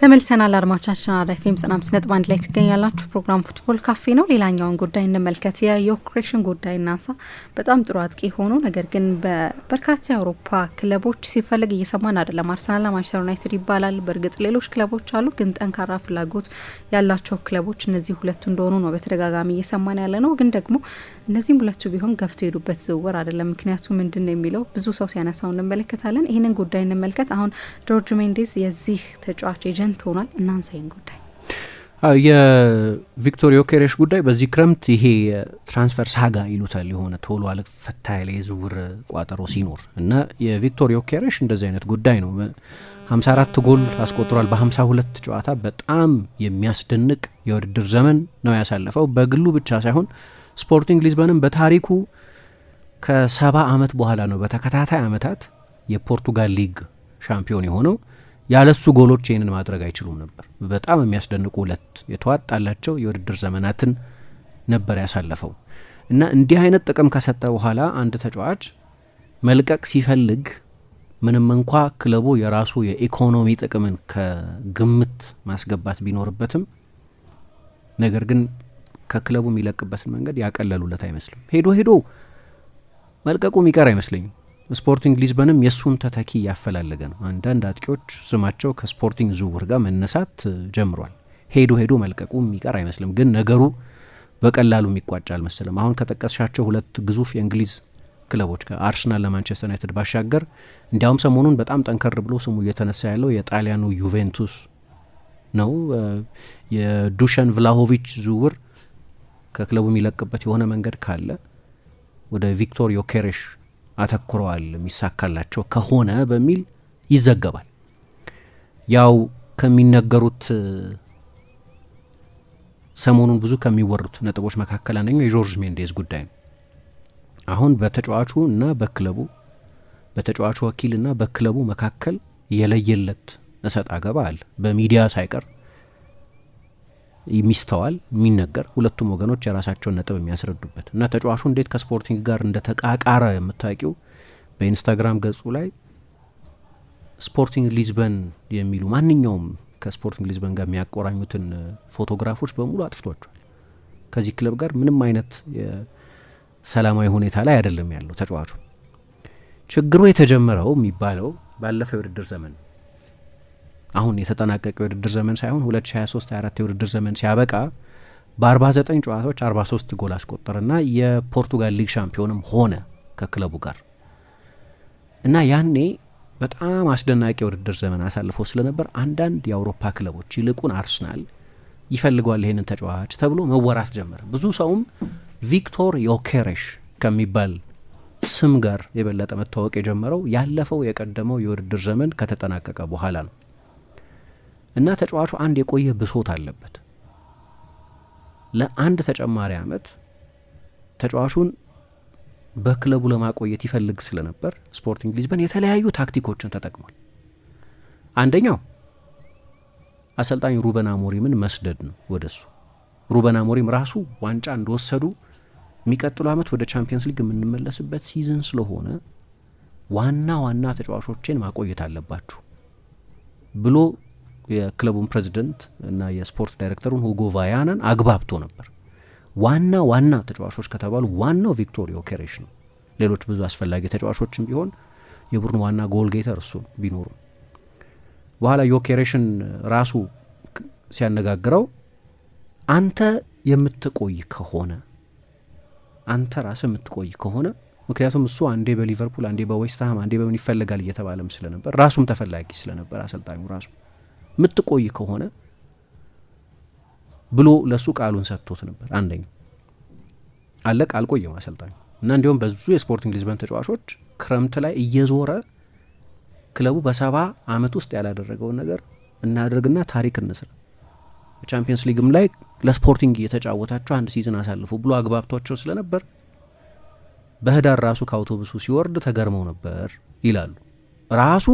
ተመልሰናል አድማቻችን አራዳ ኤፍ ዘጠና አምስት ነጥብ አንድ ላይ ትገኛላችሁ። ፕሮግራም ፉትቦል ካፌ ነው። ሌላኛውን ጉዳይ እንመልከት። የዮክሬሽን ጉዳይ እናንሳ። በጣም ጥሩ አጥቂ ሆኖ ነገር ግን በበርካታ የአውሮፓ ክለቦች ሲፈለግ እየሰማን አይደለም። አርሰናል ማንቸስተር ዩናይትድ ይባላል። በእርግጥ ሌሎች ክለቦች አሉ፣ ግን ጠንካራ ፍላጎት ያላቸው ክለቦች እነዚህ ሁለቱ እንደሆኑ ነው በተደጋጋሚ እየሰማን ያለ ነው። ግን ደግሞ እነዚህም ሁለቱ ቢሆን ገፍቶ ሄዱበት ዝውውር አይደለም። ምክንያቱ ምንድን ነው የሚለው ብዙ ሰው ሲያነሳው እንመለከታለን። ይህንን ጉዳይ እንመልከት። አሁን ጆርጅ ሜንዴዝ የዚህ ተጫዋች ቫይለንት ሆኗል። እናንሳይን ጉዳይ የቪክቶር ዮኬሬሽ ጉዳይ በዚህ ክረምት ይሄ ትራንስፈር ሳጋ ይሉታል የሆነ ቶሎ አለ ፈታ ያለ የዝውውር ቋጠሮ ሲኖር እና የቪክቶር ዮኬሬሽ እንደዚህ አይነት ጉዳይ ነው። 54 ጎል አስቆጥሯል በ52 ጨዋታ። በጣም የሚያስደንቅ የውድድር ዘመን ነው ያሳለፈው። በግሉ ብቻ ሳይሆን ስፖርቲንግ ሊዝበንም በታሪኩ ከሰባ ዓመት በኋላ ነው በተከታታይ ዓመታት የፖርቱጋል ሊግ ሻምፒዮን የሆነው። ያለሱ ጎሎች ይህንን ማድረግ አይችሉም ነበር። በጣም የሚያስደንቁ ሁለት የተዋጣላቸው የውድድር ዘመናትን ነበር ያሳለፈው እና እንዲህ አይነት ጥቅም ከሰጠ በኋላ አንድ ተጫዋች መልቀቅ ሲፈልግ ምንም እንኳ ክለቡ የራሱ የኢኮኖሚ ጥቅምን ከግምት ማስገባት ቢኖርበትም ነገር ግን ከክለቡ የሚለቅበትን መንገድ ያቀለሉለት አይመስልም። ሄዶ ሄዶ መልቀቁ የሚቀር አይመስለኝም። ስፖርቲንግ ሊዝበንም የእሱን ተተኪ እያፈላለገ ነው። አንዳንድ አጥቂዎች ስማቸው ከስፖርቲንግ ዝውውር ጋር መነሳት ጀምሯል። ሄዶ ሄዶ መልቀቁ የሚቀር አይመስልም፣ ግን ነገሩ በቀላሉ የሚቋጭ አልመስልም። አሁን ከጠቀስሻቸው ሁለት ግዙፍ የእንግሊዝ ክለቦች ከአርሰናል ለማንቸስተር ዩናይትድ ባሻገር እንዲያውም ሰሞኑን በጣም ጠንከር ብሎ ስሙ እየተነሳ ያለው የጣሊያኑ ዩቬንቱስ ነው። የዱሸን ቭላሆቪች ዝውውር ከክለቡ የሚለቅበት የሆነ መንገድ ካለ ወደ ቪክቶር ዮኬሬሽ አተኩረዋል የሚሳካላቸው ከሆነ በሚል ይዘገባል። ያው ከሚነገሩት ሰሞኑን ብዙ ከሚወሩት ነጥቦች መካከል አንደኛው የጆርጅ ሜንዴዝ ጉዳይ ነው። አሁን በተጫዋቹ እና በክለቡ በተጫዋቹ እና በክለቡ መካከል የለየለት እሰጥ አገባ አለ። በሚዲያ ሳይቀር የሚስተዋል የሚነገር ሁለቱም ወገኖች የራሳቸውን ነጥብ የሚያስረዱበት እና ተጫዋቹ እንዴት ከስፖርቲንግ ጋር እንደተቃቃረ የምታውቂው በኢንስታግራም ገጹ ላይ ስፖርቲንግ ሊዝበን የሚሉ ማንኛውም ከስፖርቲንግ ሊዝበን ጋር የሚያቆራኙትን ፎቶግራፎች በሙሉ አጥፍቷቸዋል። ከዚህ ክለብ ጋር ምንም አይነት ሰላማዊ ሁኔታ ላይ አይደለም ያለው ተጫዋቹ። ችግሩ የተጀመረው የሚባለው ባለፈው የውድድር ዘመን አሁን የተጠናቀቀ የውድድር ዘመን ሳይሆን 2023/24 የውድድር ዘመን ሲያበቃ በ49 ጨዋታዎች 43 ጎል አስቆጠረና የፖርቱጋል ሊግ ሻምፒዮንም ሆነ ከክለቡ ጋር እና ያኔ በጣም አስደናቂ የውድድር ዘመን አሳልፎ ስለነበር አንዳንድ የአውሮፓ ክለቦች ይልቁን አርስናል ይፈልጓል ይሄንን ተጫዋች ተብሎ መወራት ጀመረ። ብዙ ሰውም ቪክቶር ዮኬሬሽ ከሚባል ስም ጋር የበለጠ መታወቅ የጀመረው ያለፈው የቀደመው የውድድር ዘመን ከተጠናቀቀ በኋላ ነው። እና ተጫዋቹ አንድ የቆየ ብሶት አለበት። ለአንድ ተጨማሪ አመት ተጫዋቹን በክለቡ ለማቆየት ይፈልግ ስለነበር ስፖርቲንግ ሊዝበን የተለያዩ ታክቲኮችን ተጠቅሟል። አንደኛው አሰልጣኝ ሩበን አሞሪምን መስደድ ነው ወደሱ። ሩበን አሞሪም ራሱ ዋንጫ እንደወሰዱ የሚቀጥሉ አመት ወደ ቻምፒየንስ ሊግ የምንመለስበት ሲዝን ስለሆነ ዋና ዋና ተጫዋቾችን ማቆየት አለባችሁ ብሎ የክለቡን ፕሬዚደንት እና የስፖርት ዳይሬክተሩን ሁጎ ቫያናን አግባብቶ ነበር። ዋና ዋና ተጫዋቾች ከተባሉ ዋናው ቪክቶሪ ኬሬሽ ነው። ሌሎች ብዙ አስፈላጊ ተጫዋቾችም ቢሆን የቡድን ዋና ጎል ጌተር እሱ ቢኖሩ በኋላ ዮኬሬሽን ራሱ ሲያነጋግረው አንተ የምትቆይ ከሆነ አንተ ራስህ የምትቆይ ከሆነ ምክንያቱም እሱ አንዴ በሊቨርፑል አንዴ በዌስትሃም አንዴ በምን ይፈልጋል እየተባለም ስለነበር ራሱም ተፈላጊ ስለነበር አሰልጣኙ ራሱ ምትቆይ ከሆነ ብሎ ለሱ ቃሉን ሰጥቶት ነበር። አንደኛው አለቅ አልቆየም አሰልጣኝ እና እንዲሁም በዙ የስፖርቲንግ ሊዝበን ተጫዋቾች ክረምት ላይ እየዞረ ክለቡ በሰባ አመት ውስጥ ያላደረገውን ነገር እናደርግና ታሪክ እንስራ በቻምፒየንስ ሊግም ላይ ለስፖርቲንግ እየተጫወታቸው አንድ ሲዝን አሳልፉ ብሎ አግባብቷቸው ስለነበር በህዳር ራሱ ከአውቶቡሱ ሲወርድ ተገርመው ነበር ይላሉ። ራሱ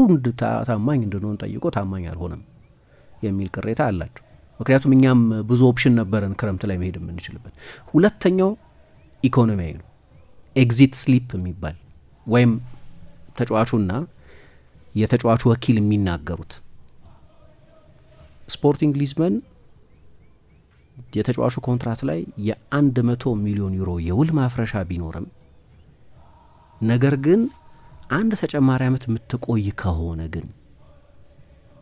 ታማኝ እንድንሆን ጠይቆ ታማኝ አልሆነም። የሚል ቅሬታ አላቸው። ምክንያቱም እኛም ብዙ ኦፕሽን ነበረን ክረምት ላይ መሄድ የምንችልበት። ሁለተኛው ኢኮኖሚያዊ ነው። ኤግዚት ስሊፕ የሚባል ወይም ተጫዋቹና የተጫዋቹ ወኪል የሚናገሩት ስፖርቲንግ ሊዝበን የተጫዋቹ ኮንትራት ላይ የአንድ መቶ ሚሊዮን ዩሮ የውል ማፍረሻ ቢኖርም ነገር ግን አንድ ተጨማሪ ዓመት የምትቆይ ከሆነ ግን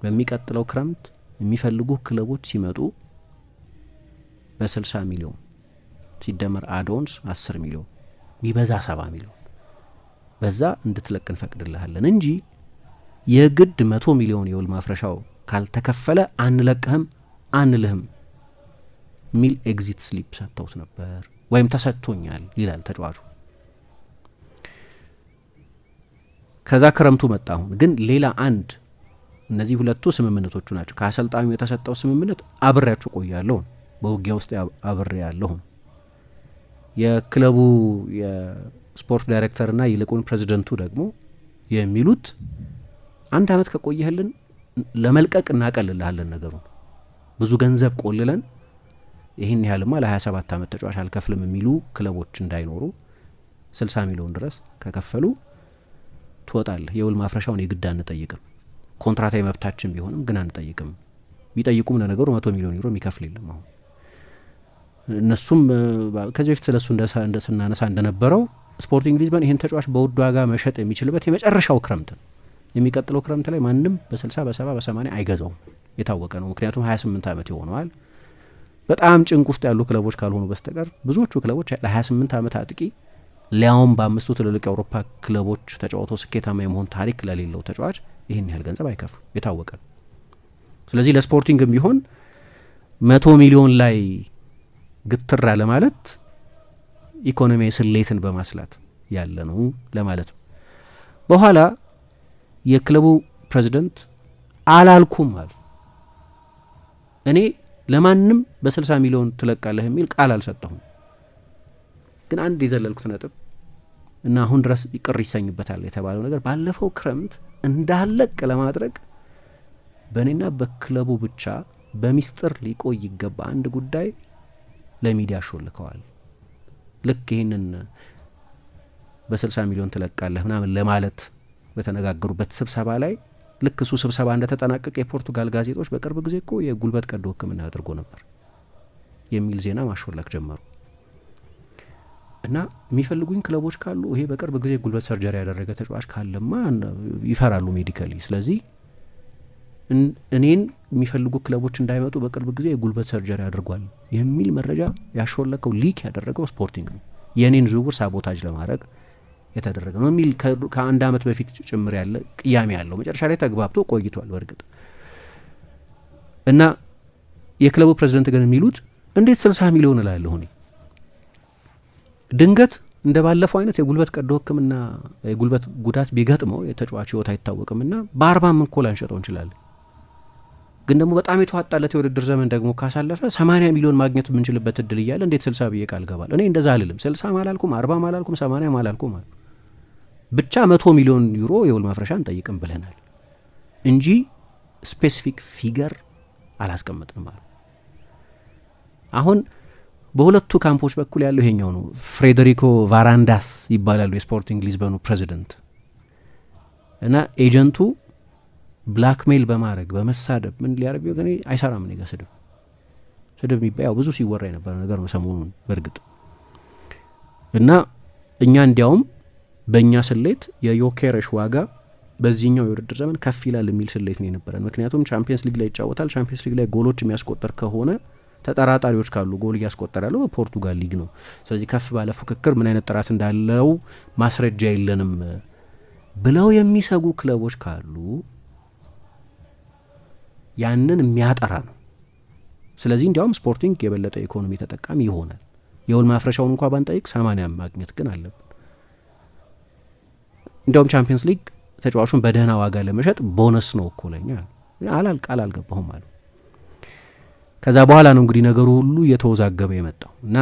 በሚቀጥለው ክረምት የሚፈልጉ ክለቦች ሲመጡ በ60 ሚሊዮን ሲደመር አዶንስ 10 ሚሊዮን ቢበዛ 70 ሚሊዮን በዛ እንድትለቅ እንፈቅድልሃለን እንጂ የግድ መቶ ሚሊዮን የውል ማፍረሻው ካልተከፈለ አንለቅህም አንልህም ሚል ኤግዚት ስሊፕ ሰጥተውት ነበር ወይም ተሰጥቶኛል ይላል ተጫዋቹ። ከዛ ክረምቱ መጣ። አሁን ግን ሌላ አንድ እነዚህ ሁለቱ ስምምነቶቹ ናቸው። ከአሰልጣኙ የተሰጠው ስምምነት አብሬያችሁ ቆያለሁ፣ በውጊያ ውስጥ አብሬ ያለሁ። የክለቡ የስፖርት ዳይሬክተርና ይልቁን ፕሬዚደንቱ ደግሞ የሚሉት አንድ አመት ከቆየህልን ለመልቀቅ እናቀልልሃለን ነገሩን ብዙ ገንዘብ ቆልለን ይህን ያህልማ ለ27 ዓመት ተጫዋች አልከፍልም የሚሉ ክለቦች እንዳይኖሩ 60 ሚሊዮን ድረስ ከከፈሉ ትወጣለህ። የውል ማፍረሻውን የግድ አንጠይቅም። ኮንትራታዊ መብታችን ቢሆንም ግን አንጠይቅም። ቢጠይቁም ለነገሩ መቶ ሚሊዮን ዩሮ የሚከፍል የለም። አሁን እነሱም ከዚህ በፊት ስለሱ ስናነሳ እንደነበረው ስፖርቲንግ ሊዝበን ይህን ተጫዋች በውድ ዋጋ መሸጥ የሚችልበት የመጨረሻው ክረምት ነው። የሚቀጥለው ክረምት ላይ ማንም በስልሳ በሰባ በሰማኒያ አይገዛውም፣ የታወቀ ነው። ምክንያቱም ሀያ ስምንት ዓመት ይሆነዋል። በጣም ጭንቅ ውስጥ ያሉ ክለቦች ካልሆኑ በስተቀር ብዙዎቹ ክለቦች ለ ስምንት ዓመት አጥቂ ሊያውም በአምስቱ ትልልቅ የአውሮፓ ክለቦች ተጫውቶ ስኬታማ የመሆን ታሪክ ለሌለው ተጫዋች ይህን ያህል ገንዘብ አይከፍሉ የታወቀ ነው። ስለዚህ ለስፖርቲንግም ቢሆን መቶ ሚሊዮን ላይ ግትራ ለማለት ኢኮኖሚ ኢኮኖሚያዊ ስሌትን በማስላት ያለ ነው ለማለት ነው። በኋላ የክለቡ ፕሬዚደንት አላልኩም አሉ። እኔ ለማንም በ60 ሚሊዮን ትለቃለህ የሚል ቃል አልሰጠሁም። ግን አንድ የዘለልኩት ነጥብ እና አሁን ድረስ ቅር ይሰኙበታል የተባለው ነገር ባለፈው ክረምት እንዳለቅ ለማድረግ በእኔና በክለቡ ብቻ በሚስጥር ሊቆይ ይገባ አንድ ጉዳይ ለሚዲያ ሾልከዋል። ልክ ይህንን በ60 ሚሊዮን ትለቃለህ ምናምን ለማለት በተነጋገሩበት ስብሰባ ላይ ልክ እሱ ስብሰባ እንደተጠናቀቀ የፖርቱጋል ጋዜጦች በቅርብ ጊዜ እኮ የጉልበት ቀዶ ሕክምና አድርጎ ነበር የሚል ዜና ማሾለክ ጀመሩ። እና የሚፈልጉኝ ክለቦች ካሉ ይሄ በቅርብ ጊዜ ጉልበት ሰርጀሪ ያደረገ ተጫዋች ካለማ ይፈራሉ ሜዲካሊ። ስለዚህ እኔን የሚፈልጉ ክለቦች እንዳይመጡ በቅርብ ጊዜ የጉልበት ሰርጀሪ አድርጓል የሚል መረጃ ያሾለከው ሊክ ያደረገው ስፖርቲንግ ነው። የእኔን ዝውውር ሳቦታጅ ለማድረግ የተደረገ ነው የሚል ከአንድ ዓመት በፊት ጭምር ያለ ቅያሜ ያለው መጨረሻ ላይ ተግባብቶ ቆይቷል። በእርግጥ እና የክለቡ ፕሬዚደንት ግን የሚሉት እንዴት ስልሳ ሚሊዮን እላለሁ እኔ ድንገት እንደ ባለፈው አይነት የጉልበት ቀዶ ሕክምና የጉልበት ጉዳት ቢገጥመው የተጫዋች ህይወት አይታወቅምና በአርባም እኮ ላንሸጠው እንችላለን። ግን ደግሞ በጣም የተዋጣለት የውድድር ዘመን ደግሞ ካሳለፈ ሰማንያ ሚሊዮን ማግኘት የምንችልበት እድል እያለ እንዴት ስልሳ ብዬ ቃል ገባል? እኔ እንደዛ አልልም። ስልሳ አላልኩም፣ አርባ አላልኩም፣ ሰማንያ አላልኩም አሉ። ብቻ መቶ ሚሊዮን ዩሮ የውል ማፍረሻ እንጠይቅም ብለናል እንጂ ስፔሲፊክ ፊገር አላስቀምጥም አሉ አሁን በሁለቱ ካምፖች በኩል ያለው ይሄኛው ነው። ፍሬደሪኮ ቫራንዳስ ይባላሉ የስፖርቲንግ ሊዝበኑ ፕሬዚደንት እና ኤጀንቱ ብላክሜል በማድረግ በመሳደብ ምን ሊያደርግ ቢሆን አይሰራም። እኔ ጋ ስድብ ስድብ የሚባ ያው ብዙ ሲወራ የነበረ ነገር ነው ሰሞኑን በእርግጥ እና እኛ እንዲያውም በእኛ ስሌት የዮኬረሽ ዋጋ በዚህኛው የውድድር ዘመን ከፍ ይላል የሚል ስሌት ነው የነበረን። ምክንያቱም ቻምፒየንስ ሊግ ላይ ይጫወታል። ቻምፒየንስ ሊግ ላይ ጎሎች የሚያስቆጠር ከሆነ ተጠራጣሪዎች ካሉ ጎል እያስቆጠረ ያለው በፖርቱጋል ሊግ ነው። ስለዚህ ከፍ ባለ ፉክክር ምን አይነት ጥራት እንዳለው ማስረጃ የለንም ብለው የሚሰጉ ክለቦች ካሉ ያንን የሚያጠራ ነው። ስለዚህ እንዲያውም ስፖርቲንግ የበለጠ ኢኮኖሚ ተጠቃሚ ይሆናል። የውል ማፍረሻውን እንኳ ባንጠይቅ ሰማንያ ማግኘት ግን አለብን። እንዲያውም ቻምፒየንስ ሊግ ተጫዋቹን በደህና ዋጋ ለመሸጥ ቦነስ ነው እኮ ለኛ አላልቅ አላልገባሁም አሉ። ከዛ በኋላ ነው እንግዲህ ነገሩ ሁሉ እየተወዛገበ የመጣው እና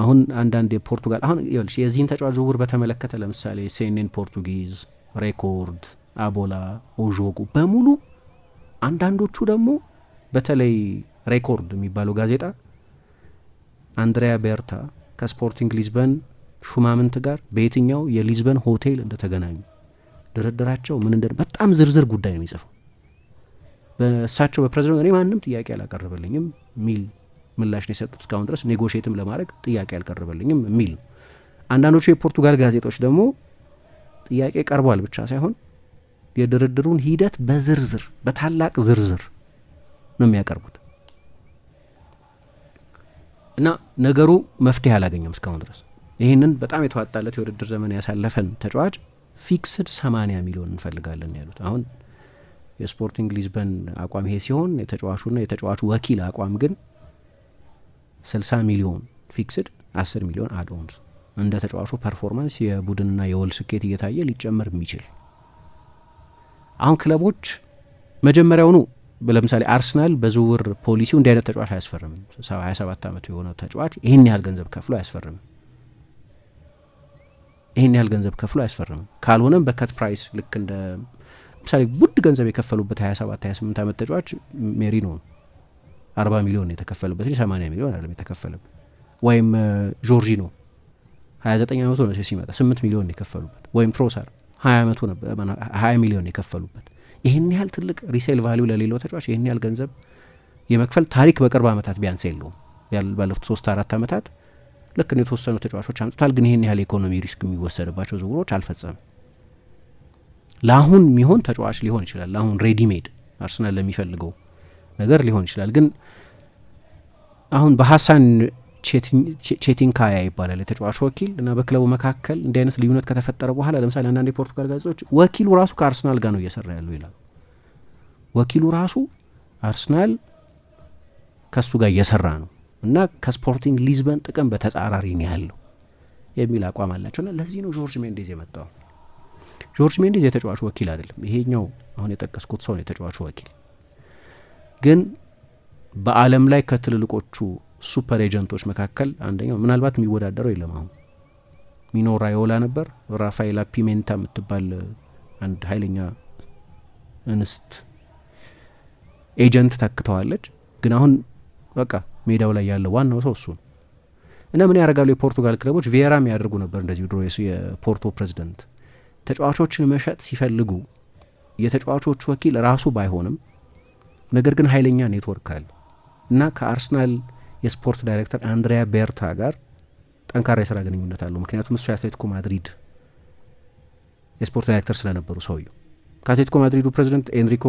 አሁን አንዳንድ የፖርቱጋል አሁን የዚህን ተጫዋች ዝውውር በተመለከተ ለምሳሌ ሴኔን ፖርቱጊዝ፣ ሬኮርድ፣ አቦላ፣ ኦዦጉ በሙሉ አንዳንዶቹ ደግሞ በተለይ ሬኮርድ የሚባለው ጋዜጣ አንድሪያ ቤርታ ከስፖርቲንግ ሊዝበን ሹማምንት ጋር በየትኛው የሊዝበን ሆቴል እንደተገናኙ ድርድራቸው ምን እንደ በጣም ዝርዝር ጉዳይ ነው የሚጽፈው በእሳቸው በፕሬዚደንት እኔ ማንም ጥያቄ አላቀረበልኝም ሚል ምላሽ ነው የሰጡት። እስካሁን ድረስ ኔጎሽትም ለማድረግ ጥያቄ አልቀረበልኝም የሚል ነው። አንዳንዶቹ የፖርቱጋል ጋዜጦች ደግሞ ጥያቄ ቀርቧል ብቻ ሳይሆን የድርድሩን ሂደት በዝርዝር በታላቅ ዝርዝር ነው የሚያቀርቡት እና ነገሩ መፍትሄ አላገኘም እስካሁን ድረስ። ይህንን በጣም የተዋጣለት የውድድር ዘመን ያሳለፈን ተጫዋች ፊክስድ 80 ሚሊዮን እንፈልጋለን ያሉት አሁን የስፖርቲንግ ሊዝበን አቋም ይሄ ሲሆን የተጫዋቹና የተጫዋቹ ወኪል አቋም ግን 60 ሚሊዮን ፊክስድ 10 ሚሊዮን አድኦንስ እንደ ተጫዋቹ ፐርፎርማንስ የቡድንና የወል ስኬት እየታየ ሊጨመር የሚችል አሁን ክለቦች መጀመሪያውኑ ለምሳሌ አርሰናል በዝውውር ፖሊሲው እንዲህ አይነት ተጫዋች አያስፈርምም። 27 ዓመቱ የሆነው ተጫዋች ይህን ያህል ገንዘብ ከፍሎ አያስፈርምም። ይህን ያህል ገንዘብ ከፍሎ አያስፈርምም። ካልሆነም በከት ፕራይስ ልክ እንደ ለምሳሌ ውድ ገንዘብ የከፈሉበት 27 28 ዓመት ተጫዋች ሜሪኖ ነው። 40 ሚሊዮን የተከፈለበት 80 ሚሊዮን አይደለም የተከፈለበት። ወይም ጆርጂኖ 29 ዓመቱ ነው ሲመጣ 8 ሚሊዮን የከፈሉበት። ወይም ትሮሳር 20 ዓመቱ ነበር 20 ሚሊዮን የከፈሉበት። ይህን ያህል ትልቅ ሪሴል ቫሊዩ ለሌለው ተጫዋች ይህን ያህል ገንዘብ የመክፈል ታሪክ በቅርብ ዓመታት ቢያንስ የለውም። ባለፉት ሶስት አራት ዓመታት ልክ የተወሰኑ ተጫዋቾች አምጥቷል፣ ግን ይህን ያህል ኢኮኖሚ ሪስክ የሚወሰድባቸው ዝውውሮች አልፈጸምም። ለአሁን የሚሆን ተጫዋች ሊሆን ይችላል። ለአሁን ሬዲሜድ አርሰናል ለሚፈልገው ነገር ሊሆን ይችላል። ግን አሁን በሀሳን ቼቲንካያ ይባላል የተጫዋች ወኪል እና በክለቡ መካከል እንዲህ አይነት ልዩነት ከተፈጠረ በኋላ ለምሳሌ አንዳንድ የፖርቱጋል ጋዜጦች ወኪሉ ራሱ ከአርሰናል ጋር ነው እየሰራ ያለው ይላሉ። ወኪሉ ራሱ አርሰናል ከሱ ጋር እየሰራ ነው እና ከስፖርቲንግ ሊዝበን ጥቅም በተጻራሪ ነው ያለው የሚል አቋም አላቸውና ለዚህ ነው ጆርጅ ሜንዴዝ የመጣው። ጆርጅ ሜንዴዝ የተጫዋቹ ወኪል አይደለም። ይሄኛው አሁን የጠቀስኩት ሰው ነው የተጫዋቹ ወኪል። ግን በዓለም ላይ ከትልልቆቹ ሱፐር ኤጀንቶች መካከል አንደኛው ምናልባት የሚወዳደረው የለም። አሁን ሚኖ ራዮላ ነበር። ራፋኤላ ፒሜንታ የምትባል አንድ ኃይለኛ እንስት ኤጀንት ተክተዋለች። ግን አሁን በቃ ሜዳው ላይ ያለው ዋናው ሰው እሱ ነው እና ምን ያደርጋሉ የፖርቱጋል ክለቦች ቪየራ የሚያደርጉ ነበር እንደዚሁ ድሮ የፖርቶ ፕሬዚደንት ተጫዋቾችን መሸጥ ሲፈልጉ የተጫዋቾቹ ወኪል ራሱ ባይሆንም ነገር ግን ኃይለኛ ኔትወርክ አለ እና ከአርሰናል የስፖርት ዳይሬክተር አንድሪያ ቤርታ ጋር ጠንካራ የስራ ግንኙነት አለው። ምክንያቱም እሱ የአትሌቲኮ ማድሪድ የስፖርት ዳይሬክተር ስለነበሩ ሰውዩ ከአትሌቲኮ ማድሪዱ ፕሬዚደንት ኤንሪኮ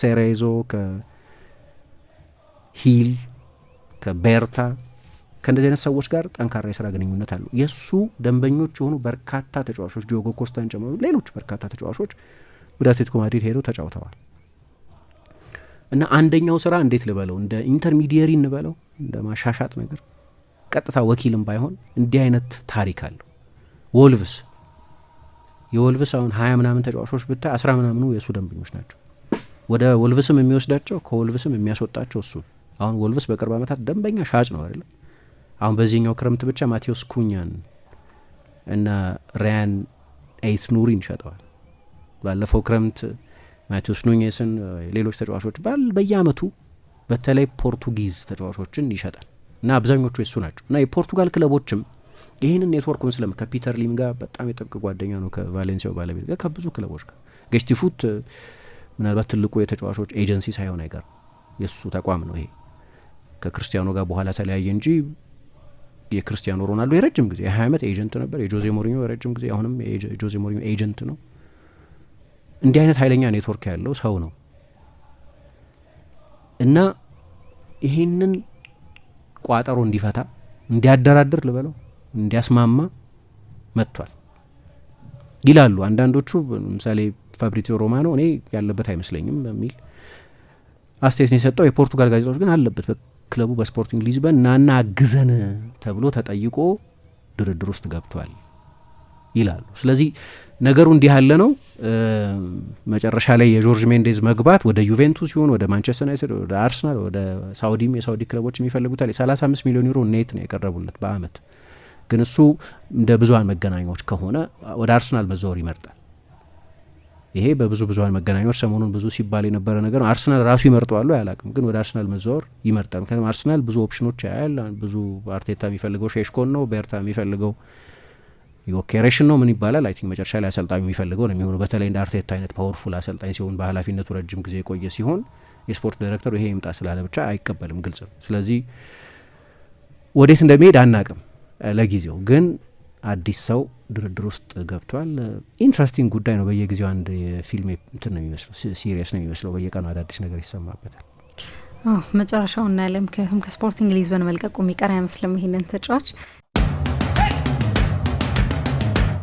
ሴሬዞ ከሂል ከቤርታ ከእንደዚህ አይነት ሰዎች ጋር ጠንካራ የስራ ግንኙነት አሉ። የእሱ ደንበኞች የሆኑ በርካታ ተጫዋቾች ጆጎ ኮስታን ጨምሮ ሌሎች በርካታ ተጫዋቾች ወደ አትሌቲኮ ማድሪድ ሄደው ተጫውተዋል እና አንደኛው ስራ እንዴት ልበለው፣ እንደ ኢንተርሚዲየሪ እንበለው፣ እንደ ማሻሻጥ ነገር ቀጥታ ወኪልም ባይሆን እንዲህ አይነት ታሪክ አለው። ወልቭስ የወልቭስ አሁን ሀያ ምናምን ተጫዋቾች ብታይ አስራ ምናምኑ የእሱ ደንበኞች ናቸው። ወደ ወልቭስም የሚወስዳቸው ከወልቭስም የሚያስወጣቸው እሱ። አሁን ወልቭስ በቅርብ ዓመታት ደንበኛ ሻጭ ነው አይደለም አሁን በዚህኛው ክረምት ብቻ ማቴዎስ ኩኛን እና ሪያን ኤት ኑሪን ሸጠዋል። ባለፈው ክረምት ማቴዎስ ኑኝስን፣ ሌሎች ተጫዋቾች ባል በየአመቱ በተለይ ፖርቱጊዝ ተጫዋቾችን ይሸጣል እና አብዛኞቹ የሱ ናቸው እና የፖርቱጋል ክለቦችም ይህንን ኔትወርኩን ስለም ከፒተር ሊም ጋር በጣም የጠብቅ ጓደኛ ነው ከቫሌንሲያው ባለቤት ጋር ከብዙ ክለቦች ጋር ገሽቲፉት ምናልባት ትልቁ የተጫዋቾች ኤጀንሲ ሳይሆን አይቀርም የእሱ ተቋም ነው ይሄ ከክርስቲያኖ ጋር በኋላ ተለያየ እንጂ የክርስቲያኖ ሮናልዶ የረጅም ጊዜ የ20 ዓመት ኤጀንት ነበር። የጆዜ ሞሪኞ የረጅም ጊዜ አሁንም የጆዜ ሞሪኞ ኤጀንት ነው። እንዲህ አይነት ኃይለኛ ኔትወርክ ያለው ሰው ነው እና ይህንን ቋጠሮ እንዲፈታ እንዲያደራድር ልበለው እንዲያስማማ መጥቷል ይላሉ አንዳንዶቹ። ለምሳሌ ፋብሪዚዮ ሮማኖ እኔ ያለበት አይመስለኝም በሚል አስተያየት የሰጠው። የፖርቱጋል ጋዜጣዎች ግን አለበት ክለቡ በስፖርቲንግ ሊዝበን ናና አግዘን ተብሎ ተጠይቆ ድርድር ውስጥ ገብቷል ይላሉ። ስለዚህ ነገሩ እንዲህ ያለ ነው። መጨረሻ ላይ የጆርጅ ሜንዴዝ መግባት ወደ ዩቬንቱስ ሲሆን ወደ ማንቸስተር ዩናይትድ፣ ወደ አርሰናል፣ ወደ ሳውዲም የሳውዲ ክለቦች የሚፈልጉታል። የ35 ሚሊዮን ዩሮ ኔት ነው የቀረቡለት በአመት ግን እሱ እንደ ብዙሀን መገናኛዎች ከሆነ ወደ አርሰናል መዘወር ይመርጣል። ይሄ በብዙ ብዙሀን መገናኛዎች ሰሞኑን ብዙ ሲባል የነበረ ነገር ነው። አርሰናል ራሱ ይመርጠዋሉ አያላቅም፣ ግን ወደ አርሰናል መዛወር ይመርጣል። ምክንያቱም አርሰናል ብዙ ኦፕሽኖች ያያል። ብዙ አርቴታ የሚፈልገው ሼሽኮን ነው፣ ቤርታ የሚፈልገው ዮኬሬሽን ነው ምን ይባላል። አይ ቲንክ መጨረሻ ላይ አሰልጣኝ የሚፈልገው ነው የሚሆነው። በተለይ እንደ አርቴታ አይነት ፓወርፉል አሰልጣኝ ሲሆን በኃላፊነቱ ረጅም ጊዜ የቆየ ሲሆን የስፖርት ዳይሬክተሩ ይሄ ይምጣ ስላለ ብቻ አይቀበልም፣ ግልጽ ነው። ስለዚህ ወዴት እንደሚሄድ አናቅም። ለጊዜው ግን አዲስ ሰው ድርድር ውስጥ ገብቷል። ኢንትረስቲንግ ጉዳይ ነው። በየጊዜው አንድ የፊልም እንትን ነው የሚመስለው፣ ሲሪየስ ነው የሚመስለው። በየቀኑ አዳዲስ ነገር ይሰማበታል። መጨረሻው እናያለን። ምክንያቱም ከስፖርቲንግ ሊዝበን መልቀቁ የሚቀር አይመስልም ይህንን ተጫዋች